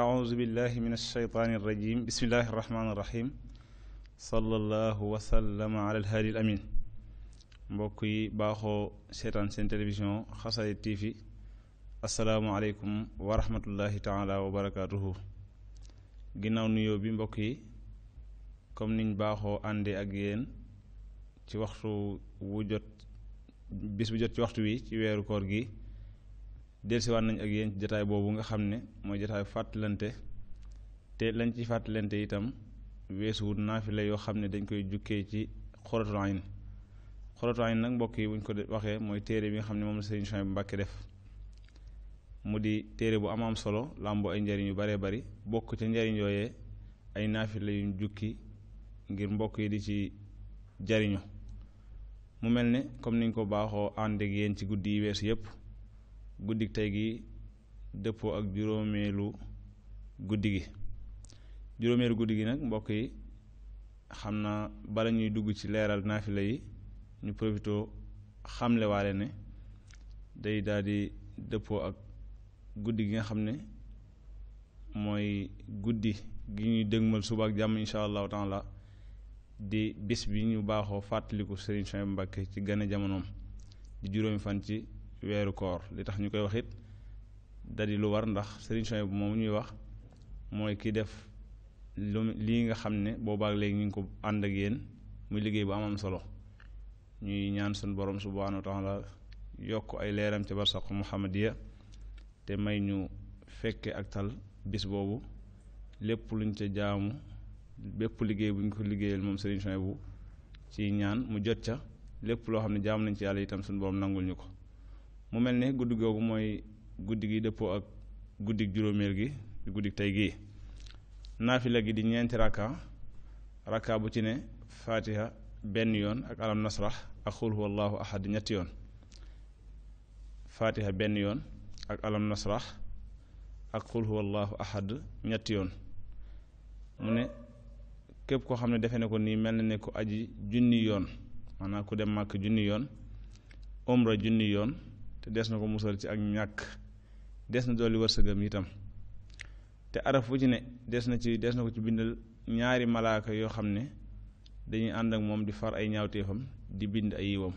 auzu billahi min alsheytaani irrajim bismillahi irrahmaani irrahim sallallahu wasallama ala alhaadi al amin mbokk yi baaxoo seetaan seen télévision xasaayid tv asalaamualeykum wa rahmatullahi taala wa barakaatuhu ginnaaw nuyoo bi mbokk yi comme niñ baaxoo àndee ak yéen ci waxtu wu jot bis bu jot ci waxtu wi ci weeru koor gi dellusiwaat nañ ak yéen ci jataay boobu nga xam ne mooy jataay fàttalante te lañ ci fàttalante itam naafi la yoo xam ne dañ koy jukkee ci xoratul ayn nag mbokk yi buñ ko waxee mooy téere bi nga xam ne moom la Sëriñ Suhaybu Mbàkke def mu di téere bu am am solo làmboo ay njariñ yu baree bari bokk ca njariñ yooyee ay la yuñ jukki ngir mbokk yi di ci jariñu mu mel ne comme niñ ko baaxoo ànd ak yéen ci guddi yi weesu yëpp guddik tey gi dëppoo ak juróomeelu guddi gi juróomeelu guddi gi nag mbokk yi xam naa bala ñuy dugg ci leeral naafila yi ñu profitoo xamle waale ne day daldi dëppoo ak guddi gi nga xam ne mooy guddi gi ñuy dëgmal suba ak jàmm incha allahu taala di bis bi ñu baaxoo fàttaliku Serigne Souhaïbou Mbacké ci gane jamonoom di juróomi fan ci weeru koor li tax ñu koy wax it da lu war ndax sëriñ Soñ bu moom ñuy wax mooy ki def lu lii nga xam ne boobaak leegi ñu ko ànd ak yéen muy liggéey bu amam solo ñuy ñaan suñu borom subhaanahu wa la yokk ay leeram ci barsaq muhammadiya te may ñu fekke ak tal bis boobu lépp luñ ca jaamu bépp liggéey buñ ko liggéeyal moom sëriñ Soñ bu ci ñaan mu jot ca lépp loo xam ne jaamu nañ ci yàlla itam suñu borom nangul ñu ko mu mel ni guddi googu mooy guddi gi dëppoo ak guddi juróomeel gi di guddi tey gii naafila gi di ñeenti rakka rakka bu ci ne faatiha benn yoon ak alam nasrax ak xul huwallahu ahad ñetti yoon faatiha benn yoon ak alam nasrax ak xul huwallahu ahad ñetti yoon mu ne képp koo xam ne defe ne ko nii mel na ne ko aji junni yoon maanaam ku dem màkk junni yoon umra junni yoon te des na ko musal ci ak ñàkk des na dolli wërsëgam itam te araf wu ci ne des na ci des na ko ci bindal ñaari malaaka yoo xam ne dañuy ànd ak moom di far ay ñaawteefam di bind ay yiwam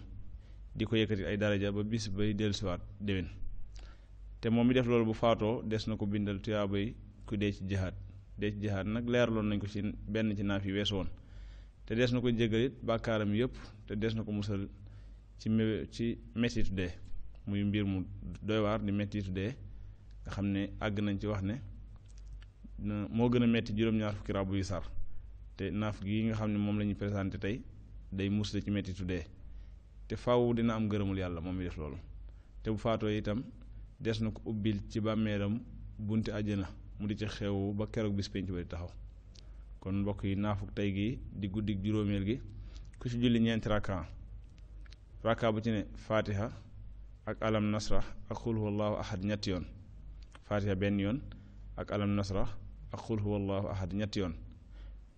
di ko yëkkati ay daraja ba bis bay dellusiwaat déwén te moom mi def loolu bu faatoo des na ko bindal tuyaabay ku dee ci jihaad dee ci jihaad nag leerloon nañ ko ci benn ci naaf yi weesu woon te des na ko jégalit bàkkaaram yëpp te des na ko musal ci ci métitu dee muy mbir mu doy waar di métti tuddee nga xam ne àgg nañ ci wax ne moo gën a metti juróom-ñaar fukki rabu yu sar te naaf gi nga xam ne moom lañuy ñuy tey day musle ci métti tuddee te faw dina am gërëmul yàlla moom mi def loolu te bu faatoo itam des na ko ubbil ci bàmmeelam bunti àjjana mu di ci xewu ba keroog bis ba di taxaw kon mbokk yi naafuk tey gi di guddik juróomeel gi ku ci julli ñeenti rakka rakka bu ci ne faatiha ak alam nasra ak xul huwallahu ahad ñetti yoon faatiha benn yoon ak alam nasra ak xul huwallahu ahad ñetti yoon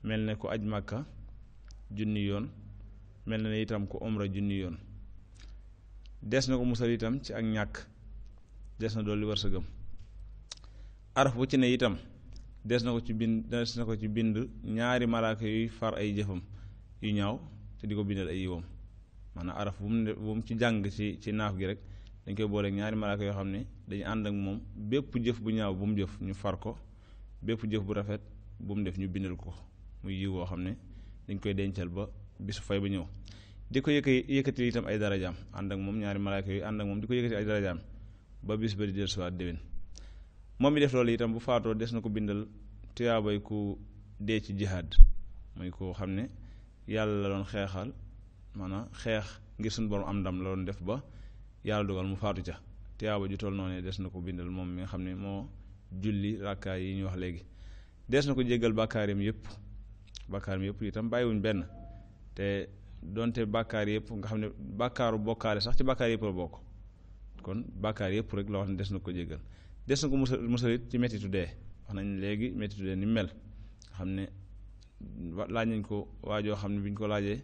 mel ne ko aj màkka junni yoon mel na ne itam ku omra junni yoon des na ko musal itam ci ak ñàkk des na dolli wërsëgam araf bu ci ne itam des na ko ci bind des na ko ci bind ñaari malaaka yuy far ay jëfam yu ñaaw te di ko bindal ay yiwam maanaam araf bu mu bu mu ci jàng ci ci naaf gi rek dañ koy booleeg ñaari malaaka yoo xam ne dañu ànd ak moom bépp jëf bu ñaaw bu mu jëf ñu far ko bépp jëf bu rafet bu mu def ñu bindal ko mu yiw woo xam ne dañ koy dencal ba bisu fay ba ñëw di ko yëkk yëkkati itam ay darajaam ànd ak moom ñaari malaaka yooyu ànd ak moom di ko yëkkati ay darajaam ba bis ba di dellusiwaat déwén moom mi def itam bu faatoo des na ko bindal tuyaabay ku dee ci jihaad muy ko xam ne yàlla la doon xeexal maanaam xeex ngir suñu borom am ndam la doon def ba yàlla dogal mu faatu ca tiyaaba ju toll noonu des na ko bindal moom mi nga xam ne moo julli rakkaay yi ñu wax léegi des na ko jéggal bàkkaaram yëpp bàkkaaram yëpp itam bàyyiwuñ benn te donte bàkkaar yëpp nga xam ne bàkkaaru bokkaale sax ci bàkkaar yëpp la bokk kon bàkkaar yëpp rek loo xam ne des na ko jéggal des na ko musal musalit ci mettitu dee wax nañ léegi mettitu dee ni mel xam ne laaj nañ ko waajoo xam ne bi ñu ko laajee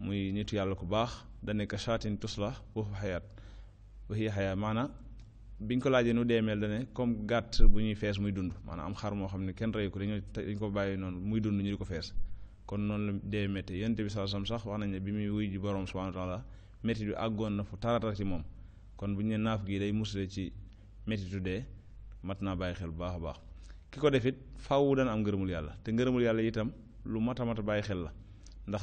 muy nitu yàlla ku baax daneka chaatin tusla foofu xayaat waxii xayaat maanaam biñ ko laajee nu deemeel dane comme gàtt bu ñuy fees muy dund maanaam am xar moo xam ne kenn rey ko dañoo dañ ko bàyyi noonu muy dund ñu di ko fees kon noonu la dee métti yonte bi sax sax wax nañ ne bi muy wuy ji borom subhanahu wa taala métti bi àggoon na fu taratar ci moom kon bu ñu ne naaf gii day musle ci méttitu dee mat naa bàyyi xel bu baax a baax ki ko defit fa dana am ngërëmul yàlla te ngërëmul yàlla itam lu mat mat bàyyi xel la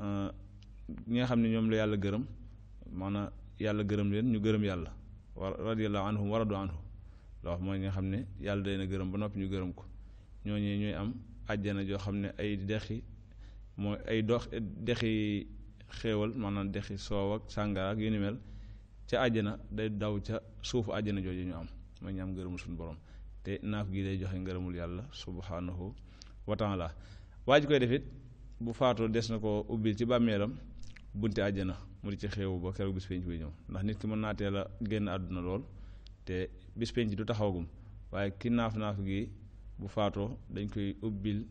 Euh, ñi nga xam ne ñoom la yàlla gërëm maanaam yàlla gërëm leen ñu gërëm yàlla wa radiyallahu anhum wa radu anhu la wax mooy ñi nga xam ne yàlla day na gërëm ba noppi ñu gërëm ko ñoo ñooñee ñooy am àjjana joo xam ne ay dexi mooy ay dox dexi xéewal maanaam dexi soow ak sàngara ak yu ni mel ca àjjana day daw ca suufu àjjana jooju ñu am mooy ñu am ngërëmul suñu borom te naaf gi day joxe ngërëmul yàlla subhanahu wa taala waa ji koy defit bu faatoo des na ko ubbil ci bàmmeelam bunti àjjana mu di ci xéewu ba keroog bis penc bi ñëw ndax nit ki mën naatee la a génn àdduna lool te bis du taxawagum waaye ki naaf-naaf gi bu faatoo dañ koy ubbil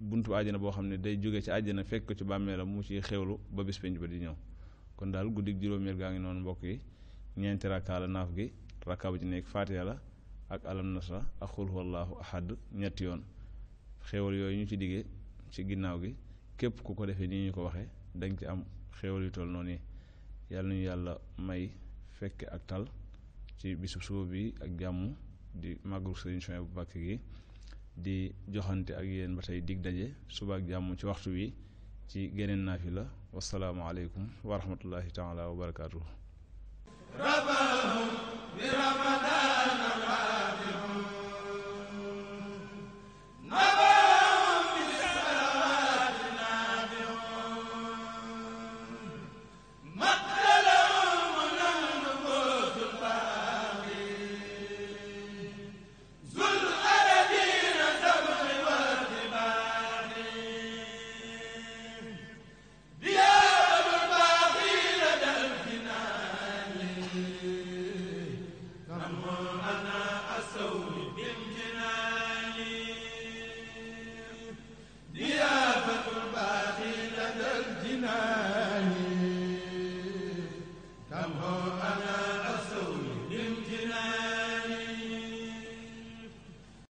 buntu àjjana boo xam ne day jóge ci àjjana fekk ko ci bàmmeelam mu ciy xéewlu ba bis bi di ñëw kon daal guddig juróomeel gaa ngi noonu mbokk yi ñeenti rakkaa la naaf gi rakkaa bu ci nekk faatiha la ak alam nasra ak xul huwallaahu ahad ñetti yoon xéewal yooyu ñu ci diggee ci ginnaaw gi képp ku ko defee nii ñu ko waxee da ci am xéewal yu toll noonu yàlla nañu yàlla may fekke ak tal ci bisub suba bi ak jàmm di màggalu Sëriñ Souhaïbou bu Mbacké gi di joxante ak yéen ba tey dig daje suba ak jàmm ci waxtu wi ci geneen naafila wasalaamualeykum wa rahmatullahi taala wa barakaatu.